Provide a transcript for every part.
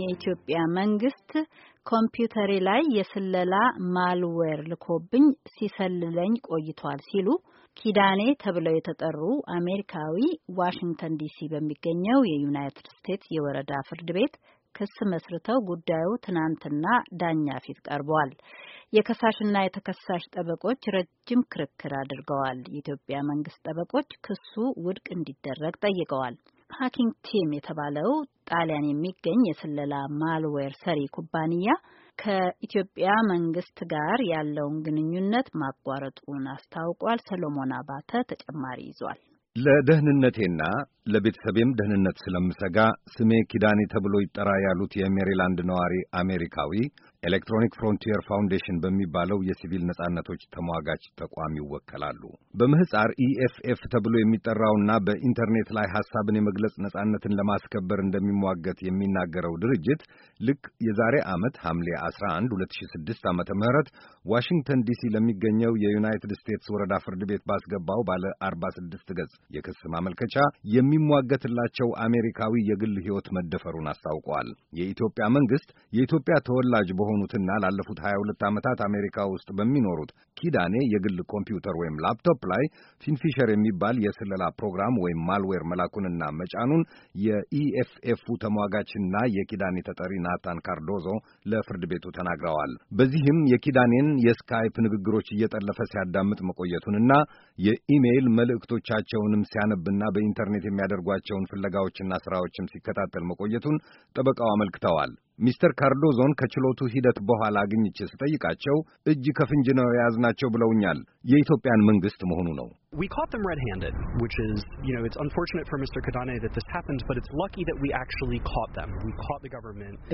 የኢትዮጵያ መንግስት ኮምፒውተሬ ላይ የስለላ ማልዌር ልኮብኝ ሲሰልለኝ ቆይቷል ሲሉ ኪዳኔ ተብለው የተጠሩ አሜሪካዊ ዋሽንግተን ዲሲ በሚገኘው የዩናይትድ ስቴትስ የወረዳ ፍርድ ቤት ክስ መስርተው ጉዳዩ ትናንትና ዳኛ ፊት ቀርቧል። የከሳሽና የተከሳሽ ጠበቆች ረጅም ክርክር አድርገዋል። የኢትዮጵያ መንግስት ጠበቆች ክሱ ውድቅ እንዲደረግ ጠይቀዋል። ሀኪንግ ቲም የተባለው ጣሊያን የሚገኝ የስለላ ማልዌር ሰሪ ኩባንያ ከኢትዮጵያ መንግስት ጋር ያለውን ግንኙነት ማቋረጡን አስታውቋል። ሰሎሞን አባተ ተጨማሪ ይዟል። ለደህንነቴና ለቤተሰቤም ደህንነት ስለምሰጋ ስሜ ኪዳኔ ተብሎ ይጠራ ያሉት የሜሪላንድ ነዋሪ አሜሪካዊ ኤሌክትሮኒክ ፍሮንቲየር ፋውንዴሽን በሚባለው የሲቪል ነጻነቶች ተሟጋች ተቋም ይወከላሉ። በምህፃር ኢኤፍኤፍ e ተብሎ የሚጠራውና በኢንተርኔት ላይ ሐሳብን የመግለጽ ነጻነትን ለማስከበር እንደሚሟገት የሚናገረው ድርጅት ልክ የዛሬ ዓመት ሐምሌ 11 2006 ዓ ም ዋሽንግተን ዲሲ ለሚገኘው የዩናይትድ ስቴትስ ወረዳ ፍርድ ቤት ባስገባው ባለ 46 ገጽ የክስ ማመልከቻ የሚሟገትላቸው አሜሪካዊ የግል ሕይወት መደፈሩን አስታውቋል። የኢትዮጵያ መንግስት የኢትዮጵያ ተወላጅ በሆኑ በሆኑትና ላለፉት 22 ዓመታት አሜሪካ ውስጥ በሚኖሩት ኪዳኔ የግል ኮምፒውተር ወይም ላፕቶፕ ላይ ፊንፊሸር የሚባል የስለላ ፕሮግራም ወይም ማልዌር መላኩንና መጫኑን የኢኤፍኤፉ ተሟጋችና የኪዳኔ ተጠሪ ናታን ካርዶዞ ለፍርድ ቤቱ ተናግረዋል። በዚህም የኪዳኔን የስካይፕ ንግግሮች እየጠለፈ ሲያዳምጥ መቆየቱንና የኢሜይል መልእክቶቻቸውንም ሲያነብና በኢንተርኔት የሚያደርጓቸውን ፍለጋዎችና ስራዎችም ሲከታተል መቆየቱን ጠበቃው አመልክተዋል። ሚስተር ካርዶዞን ከችሎቱ ሂደት በኋላ አግኝቼ ስጠይቃቸው እጅ ከፍንጅ ነው የያዝናቸው ብለውኛል። የኢትዮጵያን መንግሥት መሆኑ ነው።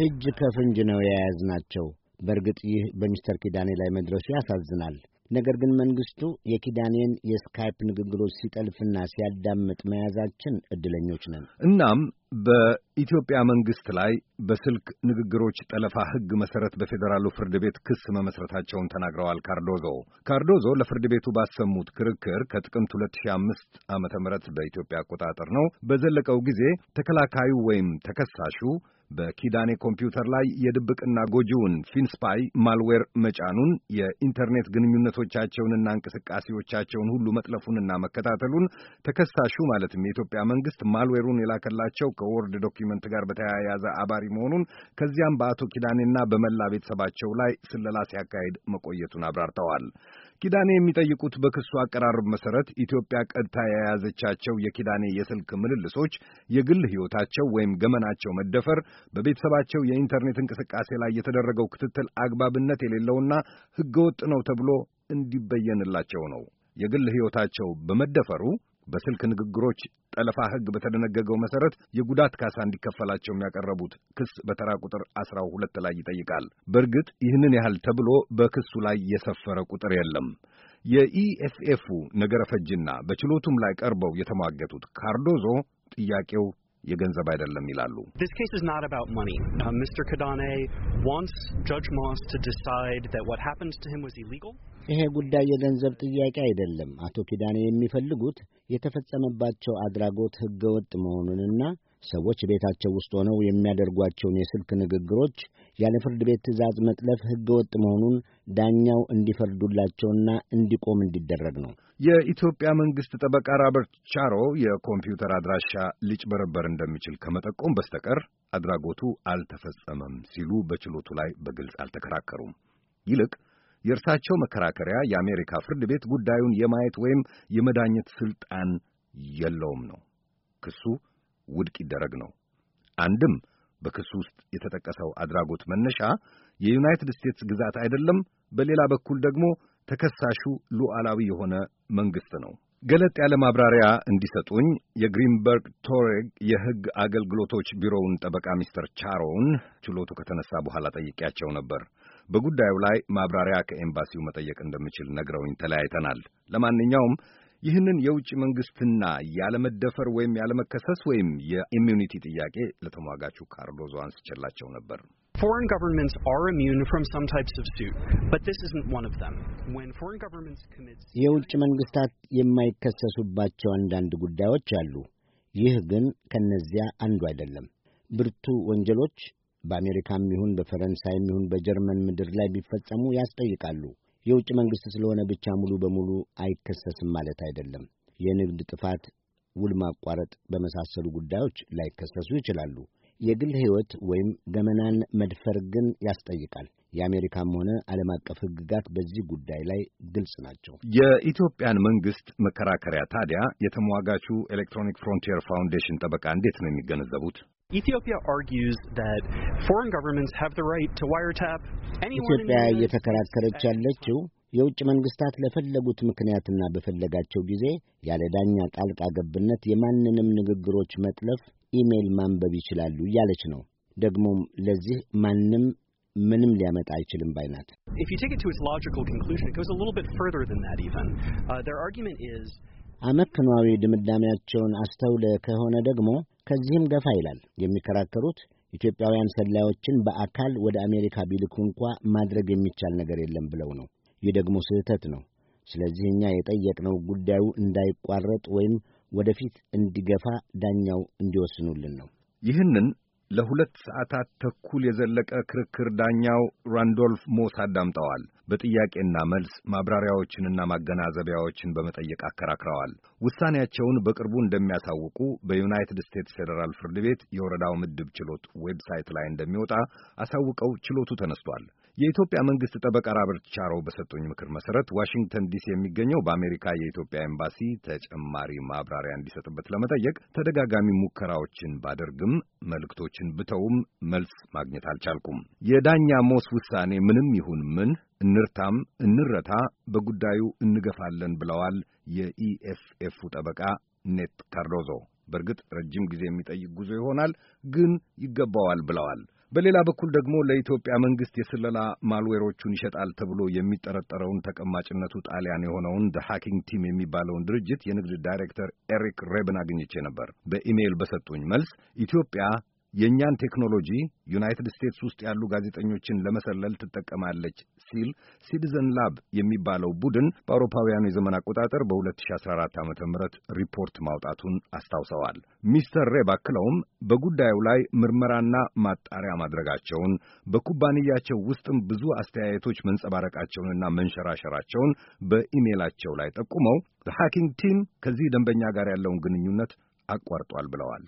እጅ ከፍንጅ ነው የያዝናቸው። በእርግጥ ይህ በሚስተር ኪዳኔ ላይ መድረሱ ያሳዝናል። ነገር ግን መንግሥቱ የኪዳኔን የስካይፕ ንግግሮች ሲጠልፍና ሲያዳምጥ መያዛችን ዕድለኞች ነን። እናም በኢትዮጵያ መንግስት ላይ በስልክ ንግግሮች ጠለፋ ህግ መሰረት በፌዴራሉ ፍርድ ቤት ክስ መመስረታቸውን ተናግረዋል ካርዶዞ። ካርዶዞ ለፍርድ ቤቱ ባሰሙት ክርክር ከጥቅምት 2005 ዓ ም በኢትዮጵያ አቆጣጠር ነው በዘለቀው ጊዜ ተከላካዩ ወይም ተከሳሹ በኪዳኔ ኮምፒውተር ላይ የድብቅና ጎጂውን ፊንስፓይ ማልዌር መጫኑን የኢንተርኔት ግንኙነቶቻቸውንና እንቅስቃሴዎቻቸውን ሁሉ መጥለፉንና መከታተሉን ተከሳሹ ማለትም የኢትዮጵያ መንግስት ማልዌሩን የላከላቸው ከወርድ ዶኪመንት ጋር በተያያዘ አባሪ መሆኑን ከዚያም በአቶ ኪዳኔና በመላ ቤተሰባቸው ላይ ስለላ ሲያካሄድ መቆየቱን አብራርተዋል። ኪዳኔ የሚጠይቁት በክሱ አቀራረብ መሰረት ኢትዮጵያ ቀድታ የያዘቻቸው የኪዳኔ የስልክ ምልልሶች፣ የግል ሕይወታቸው ወይም ገመናቸው መደፈር፣ በቤተሰባቸው የኢንተርኔት እንቅስቃሴ ላይ የተደረገው ክትትል አግባብነት የሌለውና ሕገወጥ ነው ተብሎ እንዲበየንላቸው ነው። የግል ሕይወታቸው በመደፈሩ በስልክ ንግግሮች ጠለፋ ሕግ በተደነገገው መሰረት የጉዳት ካሳ እንዲከፈላቸው የሚያቀረቡት ክስ በተራ ቁጥር አስራ ሁለት ላይ ይጠይቃል። በእርግጥ ይህንን ያህል ተብሎ በክሱ ላይ የሰፈረ ቁጥር የለም። የኢኤፍኤፉ ነገረ ፈጅና በችሎቱም ላይ ቀርበው የተሟገቱት ካርዶዞ ጥያቄው የገንዘብ አይደለም ይላሉ። ይሄ ጉዳይ የገንዘብ ጥያቄ አይደለም። አቶ ኪዳኔ የሚፈልጉት የተፈጸመባቸው አድራጎት ወጥ መሆኑንና ሰዎች ቤታቸው ውስጥ ሆነው የሚያደርጓቸውን የስልክ ንግግሮች ያለ ፍርድ ቤት ትዕዛዝ መጥለፍ ወጥ መሆኑን ዳኛው እንዲፈርዱላቸውና እንዲቆም እንዲደረግ ነው። የኢትዮጵያ መንግሥት ጠበቃ ራበርት ቻሮ የኮምፒውተር አድራሻ ሊጭበረበር እንደሚችል ከመጠቆም በስተቀር አድራጎቱ አልተፈጸመም ሲሉ በችሎቱ ላይ በግልጽ አልተከራከሩም። ይልቅ የእርሳቸው መከራከሪያ የአሜሪካ ፍርድ ቤት ጉዳዩን የማየት ወይም የመዳኘት ስልጣን የለውም ነው። ክሱ ውድቅ ይደረግ ነው። አንድም በክሱ ውስጥ የተጠቀሰው አድራጎት መነሻ የዩናይትድ ስቴትስ ግዛት አይደለም፣ በሌላ በኩል ደግሞ ተከሳሹ ሉዓላዊ የሆነ መንግሥት ነው። ገለጥ ያለ ማብራሪያ እንዲሰጡኝ የግሪንበርግ ቶሬግ የሕግ አገልግሎቶች ቢሮውን ጠበቃ ሚስተር ቻሮውን ችሎቱ ከተነሳ በኋላ ጠይቄያቸው ነበር። በጉዳዩ ላይ ማብራሪያ ከኤምባሲው መጠየቅ እንደምችል ነግረውኝ ተለያይተናል። ለማንኛውም ይህንን የውጭ መንግስትና ያለመደፈር ወይም ያለመከሰስ ወይም የኢሚዩኒቲ ጥያቄ ለተሟጋቹ ካርሎዞ አንስቼላቸው ነበር። የውጭ መንግስታት የማይከሰሱባቸው አንዳንድ ጉዳዮች አሉ። ይህ ግን ከነዚያ አንዱ አይደለም። ብርቱ ወንጀሎች በአሜሪካም ይሁን በፈረንሳይም ይሁን በጀርመን ምድር ላይ ቢፈጸሙ ያስጠይቃሉ። የውጭ መንግሥት ስለሆነ ብቻ ሙሉ በሙሉ አይከሰስም ማለት አይደለም። የንግድ ጥፋት፣ ውል ማቋረጥ በመሳሰሉ ጉዳዮች ላይከሰሱ ይችላሉ። የግል ሕይወት ወይም ገመናን መድፈር ግን ያስጠይቃል። የአሜሪካም ሆነ ዓለም አቀፍ ሕግጋት በዚህ ጉዳይ ላይ ግልጽ ናቸው። የኢትዮጵያን መንግሥት መከራከሪያ ታዲያ የተሟጋቹ ኤሌክትሮኒክ ፍሮንቲየር ፋውንዴሽን ጠበቃ እንዴት ነው የሚገነዘቡት? Ethiopia argues that foreign governments have the right to wiretap anyone ኢትዮጵያ እየተከራከረች ያለችው የውጭ መንግስታት ለፈለጉት ምክንያትና በፈለጋቸው ጊዜ ያለ ዳኛ ጣልቃ ገብነት የማንንም ንግግሮች መጥለፍ፣ ኢሜይል ማንበብ ይችላሉ እያለች ነው። ደግሞም ለዚህ If you take it to its logical conclusion, it goes a little bit further than that even. Uh, their argument is አመክኗዊ ድምዳሜያቸውን አስተውለ ከሆነ ደግሞ ከዚህም ገፋ ይላል የሚከራከሩት ኢትዮጵያውያን ሰላዮችን በአካል ወደ አሜሪካ ቢልኩ እንኳ ማድረግ የሚቻል ነገር የለም ብለው ነው። ይህ ደግሞ ስህተት ነው። ስለዚህ እኛ የጠየቅነው ጉዳዩ እንዳይቋረጥ ወይም ወደፊት እንዲገፋ ዳኛው እንዲወስኑልን ነው። ይህንን ለሁለት ሰዓታት ተኩል የዘለቀ ክርክር ዳኛው ራንዶልፍ ሞስ አዳምጠዋል። በጥያቄና መልስ ማብራሪያዎችንና ማገናዘቢያዎችን በመጠየቅ አከራክረዋል። ውሳኔያቸውን በቅርቡ እንደሚያሳውቁ በዩናይትድ ስቴትስ ፌዴራል ፍርድ ቤት የወረዳው ምድብ ችሎት ዌብሳይት ላይ እንደሚወጣ አሳውቀው ችሎቱ ተነስቷል። የኢትዮጵያ መንግስት ጠበቃ ሮበርት ቻሮ በሰጡኝ ምክር መሰረት ዋሽንግተን ዲሲ የሚገኘው በአሜሪካ የኢትዮጵያ ኤምባሲ ተጨማሪ ማብራሪያ እንዲሰጥበት ለመጠየቅ ተደጋጋሚ ሙከራዎችን ባደርግም መልእክቶችን ብተውም መልስ ማግኘት አልቻልኩም። የዳኛ ሞስ ውሳኔ ምንም ይሁን ምን እንርታም እንረታ በጉዳዩ እንገፋለን ብለዋል የኢኤፍኤፉ ጠበቃ ኔት ካርዶዞ። በእርግጥ ረጅም ጊዜ የሚጠይቅ ጉዞ ይሆናል፣ ግን ይገባዋል ብለዋል። በሌላ በኩል ደግሞ ለኢትዮጵያ መንግስት የስለላ ማልዌሮቹን ይሸጣል ተብሎ የሚጠረጠረውን ተቀማጭነቱ ጣሊያን የሆነውን ደ ሃኪንግ ቲም የሚባለውን ድርጅት የንግድ ዳይሬክተር ኤሪክ ሬብን አግኝቼ ነበር። በኢሜይል በሰጡኝ መልስ ኢትዮጵያ የእኛን ቴክኖሎጂ ዩናይትድ ስቴትስ ውስጥ ያሉ ጋዜጠኞችን ለመሰለል ትጠቀማለች ሲል ሲቲዘን ላብ የሚባለው ቡድን በአውሮፓውያኑ የዘመን አቆጣጠር በ2014 ዓ ም ሪፖርት ማውጣቱን አስታውሰዋል። ሚስተር ሬብ አክለውም በጉዳዩ ላይ ምርመራና ማጣሪያ ማድረጋቸውን በኩባንያቸው ውስጥም ብዙ አስተያየቶች መንጸባረቃቸውንና መንሸራሸራቸውን በኢሜላቸው ላይ ጠቁመው ሃኪንግ ቲም ከዚህ ደንበኛ ጋር ያለውን ግንኙነት አቋርጧል ብለዋል።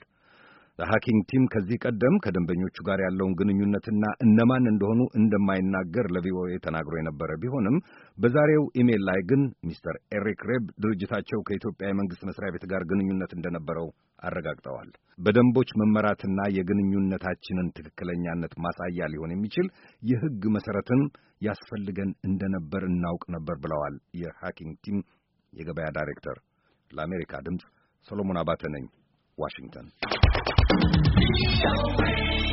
ሐኪንግ ቲም ከዚህ ቀደም ከደንበኞቹ ጋር ያለውን ግንኙነትና እነማን እንደሆኑ እንደማይናገር ለቪኦኤ ተናግሮ የነበረ ቢሆንም በዛሬው ኢሜል ላይ ግን ሚስተር ኤሪክ ሬብ ድርጅታቸው ከኢትዮጵያ የመንግሥት መስሪያ ቤት ጋር ግንኙነት እንደነበረው አረጋግጠዋል። በደንቦች መመራትና የግንኙነታችንን ትክክለኛነት ማሳያ ሊሆን የሚችል የሕግ መሠረትም ያስፈልገን እንደነበር እናውቅ ነበር ብለዋል የሃኪንግ ቲም የገበያ ዳይሬክተር። ለአሜሪካ ድምፅ ሰሎሞን አባተ ነኝ ዋሽንግተን 你要飞。